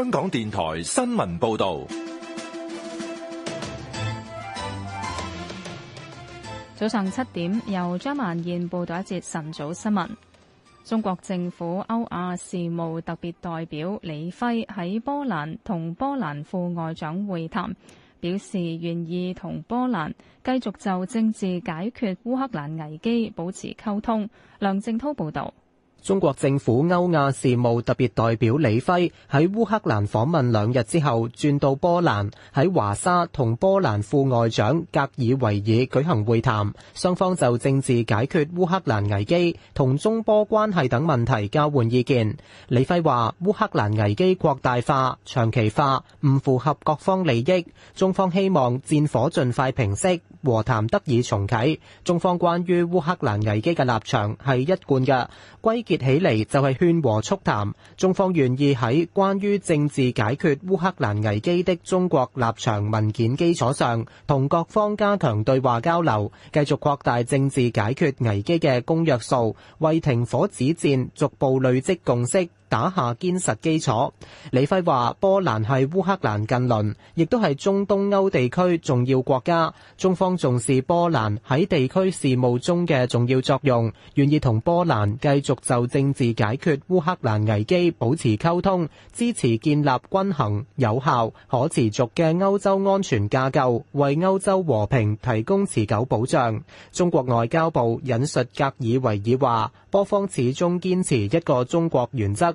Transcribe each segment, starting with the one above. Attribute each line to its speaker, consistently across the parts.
Speaker 1: 香港電台新聞報道，
Speaker 2: 早上七點由張曼燕報道一節晨早新聞。中國政府歐亞事務特別代表李輝喺波蘭同波蘭副外長會談，表示願意同波蘭繼續就政治解決烏克蘭危機保持溝通。梁正濤報道。
Speaker 1: 中國政府歐亞事務特別代表李輝喺烏克蘭訪問兩日之後，轉到波蘭喺華沙同波蘭副外長格爾維爾舉行會談，雙方就政治解決烏克蘭危機同中波關係等問題交換意見。李輝話：烏克蘭危機擴大化、長期化，唔符合各方利益。中方希望戰火盡快平息，和談得以重啟。中方關於烏克蘭危機嘅立場係一貫嘅，歸，結起嚟就係勸和促談，中方願意喺關於政治解決烏克蘭危機的中國立場文件基礎上，同各方加強對話交流，繼續擴大政治解決危機嘅公約數，為停火止戰逐步累積共識，打下堅實基礎，李輝話：波蘭係烏克蘭近鄰，亦都係中東歐地區重要國家。中方重視波蘭喺地區事務中嘅重要作用，願意同波蘭繼續就政治解決烏克蘭危機保持溝通，支持建立均衡、有效、可持續嘅歐洲安全架構，為歐洲和平提供持久保障。中國外交部引述格爾維爾話：波方始終堅持一個中國原則。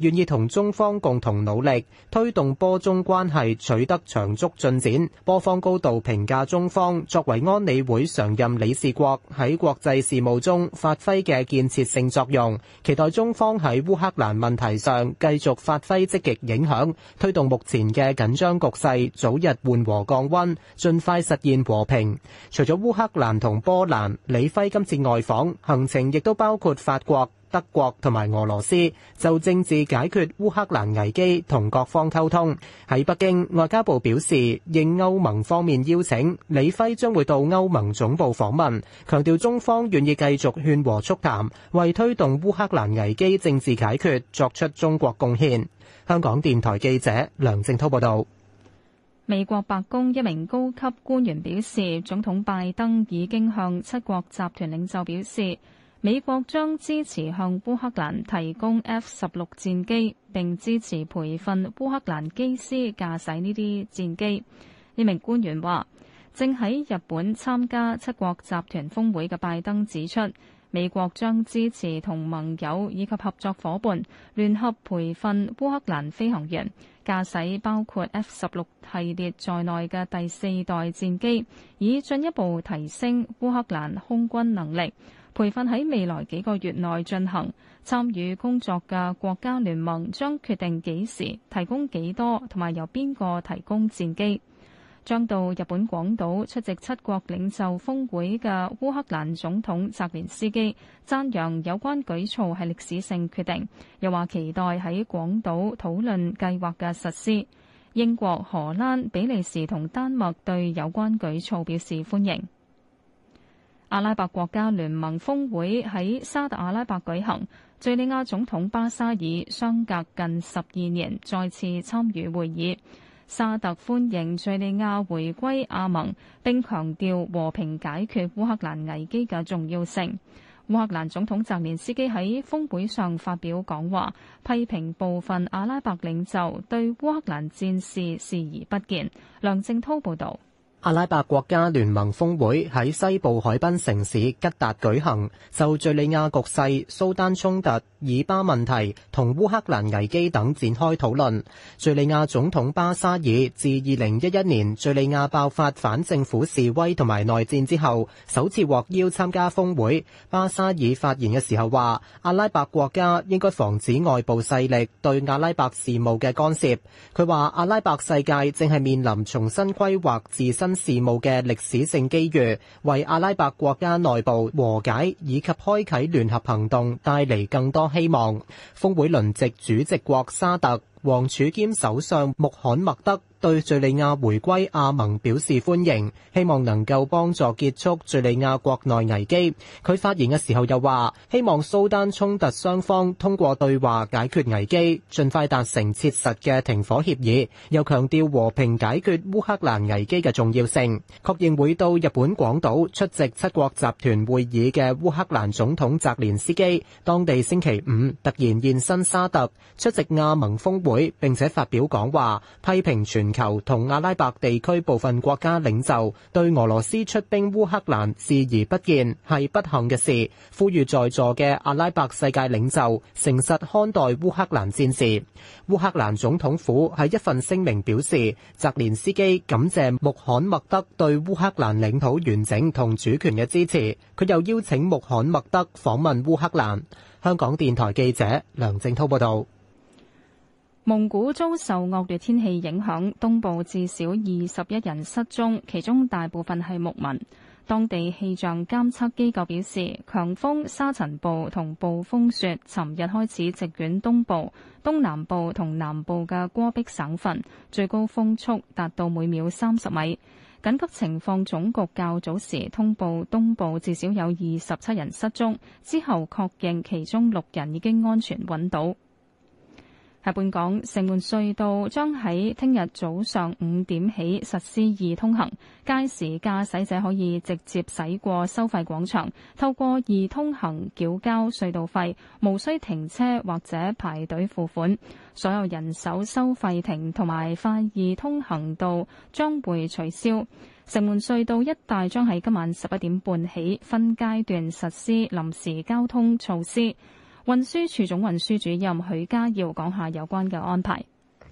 Speaker 1: 願意同中方共同努力，推動波中關係取得長足進展。波方高度評價中方作為安理會常任理事國，喺國際事務中發揮嘅建設性作用，期待中方喺烏克蘭問題上繼續發揮積極影響，推動目前嘅緊張局勢早日緩和降溫，盡快實現和平。除咗烏克蘭同波蘭，李輝今次外訪行程亦都包括法國、德國同埋俄羅斯，就政治解決烏克蘭危機同各方溝通。喺北京，外交部表示應歐盟方面邀請，李輝將會到歐盟總部訪問，強調中方願意繼續勸和促談，為推動烏克蘭危機政治解決作出中國貢獻。香港電台記者梁正濤報道。
Speaker 2: 美國白宮一名高級官員表示，總統拜登已經向七國集團領袖表示。美國將支持向烏克蘭提供 F 十六戰機，並支持培訓烏克蘭機師駕駛呢啲戰機。呢名官員話，正喺日本參加七國集團峰會嘅拜登指出，美國將支持同盟友以及合作伙伴聯合培訓烏克蘭飛行員駕駛包括 F 十六系列在內嘅第四代戰機，以進一步提升烏克蘭空軍能力。培訓喺未來幾個月內進行，參與工作嘅國家聯盟將決定幾時提供幾多，同埋由邊個提供戰機。將到日本廣島出席七國領袖峰會嘅烏克蘭總統澤連斯基，讚揚有關舉措係歷史性決定，又話期待喺廣島討論計劃嘅實施。英國、荷蘭、比利時同丹麥對有關舉措表示歡迎。阿拉伯國家聯盟峰會喺沙特阿拉伯舉行，敍利亞總統巴沙爾相隔近十二年再次參與會議。沙特歡迎敍利亞回歸阿盟，並強調和平解決烏克蘭危機嘅重要性。烏克蘭總統澤連斯基喺峰會上發表講話，批評部分阿拉伯領袖對烏克蘭戰事視而不見。梁正滔報導。
Speaker 1: 阿拉伯國家聯盟峰會喺西部海濱城市吉達舉行，就敘利亞局勢、蘇丹衝突、以巴問題同烏克蘭危機等展開討論。敘利亞總統巴沙爾自二零一一年敘利亞爆發反政府示威同埋內戰之後，首次獲邀參加峰會。巴沙爾發言嘅時候話：阿拉伯國家應該防止外部勢力對阿拉伯事務嘅干涉。佢話阿拉伯世界正係面臨重新規劃自身事務嘅歷史性機遇，為阿拉伯國家內部和解以及開啟聯合行動帶嚟更多希望。峰會輪值主席國沙特王儲兼首相穆罕默德，對敘利亞回歸阿盟表示歡迎，希望能夠幫助結束敘利亞國內危機。佢發言嘅時候又話，希望蘇丹衝突雙方通過對話解決危機，盡快達成切實嘅停火協議。又強調和平解決烏克蘭危機嘅重要性，確認會到日本廣島出席七國集團會議嘅烏克蘭總統澤連斯基，當地星期五突然現身沙特出席阿盟峰會，並且發表講話，批評全。球同阿拉伯地區部分國家領袖對俄羅斯出兵烏克蘭視而不見係不幸嘅事，呼籲在座嘅阿拉伯世界領袖誠實看待烏克蘭戰事。烏克蘭總統府喺一份聲明表示，澤連斯基感謝穆罕默德對烏克蘭領土完整同主權嘅支持，佢又邀請穆罕默德訪問烏克蘭。香港電台記者梁正濤報道。
Speaker 2: 蒙古遭受惡劣天氣影響，東部至少二十一人失蹤，其中大部分係牧民。當地氣象監測機構表示，強風、沙塵暴同暴風雪尋日開始席捲東部、東南部同南部嘅戈壁省份，最高風速達到每秒三十米。緊急情況總局較早時通報東部至少有二十七人失蹤，之後確認其中六人已經安全揾到。喺本港城門隧道將喺聽日早上五點起，實施易通行，屆時駕駛者可以直接駛過收費廣場，透過易通行繳交隧道費，無需停車或者排隊付款。所有人手收費亭同埋快易通行道將會取消。城門隧道一帶將喺今晚十一點半起分階段實施臨時交通措施。運輸署總運輸主任許家耀講下有關嘅安排。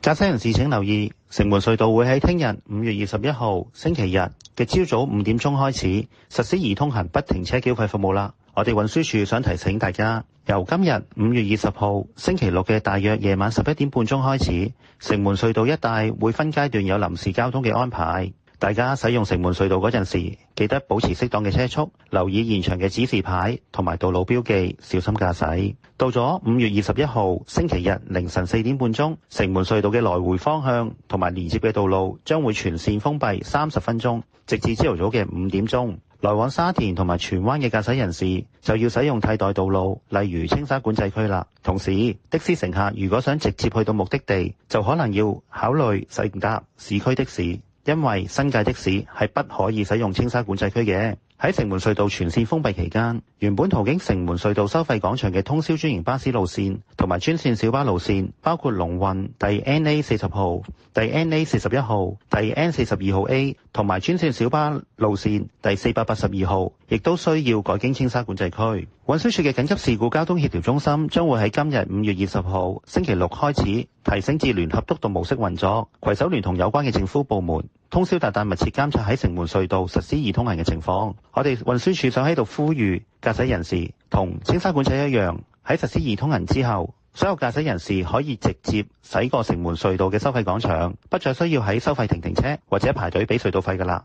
Speaker 3: 駕駛人士請留意，城門隧道會喺聽日五月二十一號星期日嘅朝早五點鐘開始實施易通行不停車繳費服務啦。我哋運輸署想提醒大家，由今日五月二十號星期六嘅大約夜晚十一點半鐘開始，城門隧道一帶會分階段有臨時交通嘅安排。大家使用城門隧道嗰陣時，記得保持適當嘅車速，留意現場嘅指示牌同埋道路標記，小心駕駛。到咗五月二十一號星期日凌晨四點半鐘，城門隧道嘅來回方向同埋連接嘅道路將會全線封閉三十分鐘，直至朝頭早嘅五點鐘。來往沙田同埋荃灣嘅駕駛人士就要使用替代道路，例如青沙管制區啦。同時，的士乘客如果想直接去到目的地，就可能要考慮乘搭市區的士。因為新界的士係不可以使用青沙管制區嘅。喺城門隧道全線封閉期間，原本途經城門隧道收費廣場嘅通宵專營巴士路線同埋專線小巴路線，包括龍運第 N A 四十號、第 N A 四十一號、第 N 四十二號 A 同埋專線小巴路線第四百八十二號，亦都需要改經青沙管制區。運輸署嘅緊急事故交通協調中心將會喺今日五月二十號星期六開始。提醒至聯合督導模式運作，攜手聯同有關嘅政府部門，通宵達旦密切監察喺城門隧道實施易通行嘅情況。我哋運輸署想喺度呼籲駕駛人士同青沙管制一樣，喺實施易通行之後，所有駕駛人士可以直接駛過城門隧道嘅收費廣場，不再需要喺收費亭停停車或者排隊俾隧道費㗎啦。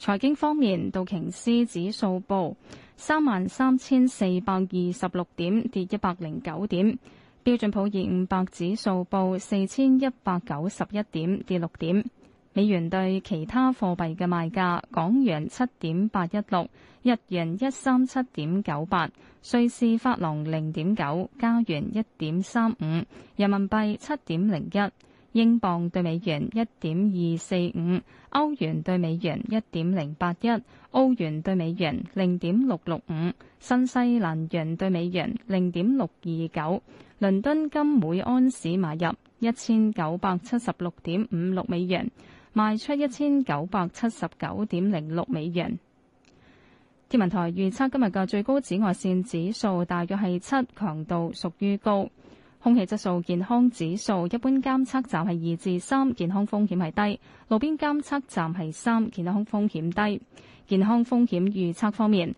Speaker 2: 財經方面，道瓊斯指數報三萬三千四百二十六點，跌一百零九點。標準普爾五百指數報四千一百九十一點，跌六點。美元對其他貨幣嘅賣價：港元七點八一六，日元一三七點九八，瑞士法郎零點九，加元一點三五，人民幣七點零一。英鎊兌美元一點二四五，歐元兌美元一點零八一，澳元兌美元零點六六五，新西蘭元兌美元零點六二九。倫敦金每安士買入一千九百七十六點五六美元，賣出一千九百七十九點零六美元。天文台預測今日嘅最高紫外綫指數大約係七，強度屬於高。空氣質素健康指數一般監測站係二至三，健康風險係低；路邊監測站係三，健康風險低。健康風險預測方面，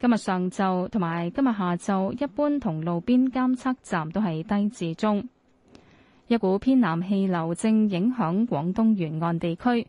Speaker 2: 今日上晝同埋今日下晝，一般同路邊監測站都係低至中。一股偏南氣流正影響廣東沿岸地區。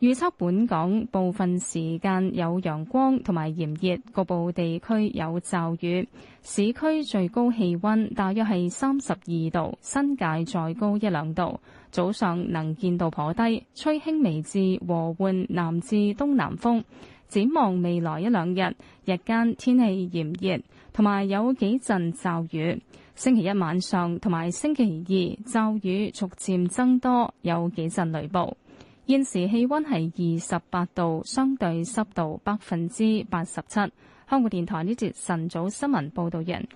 Speaker 2: 預測本港部分時間有陽光同埋炎熱，局部地區有驟雨。市區最高氣溫大約係三十二度，新界再高一兩度。早上能見度頗低，吹輕微至和緩南至東南風。展望未來一兩日，日間天氣炎熱，同埋有幾陣驟雨。星期一晚上同埋星期二驟雨逐漸增多，有幾陣雷暴。現時氣溫係二十八度，相對濕度百分之八十七。香港電台呢節晨早新聞報道人。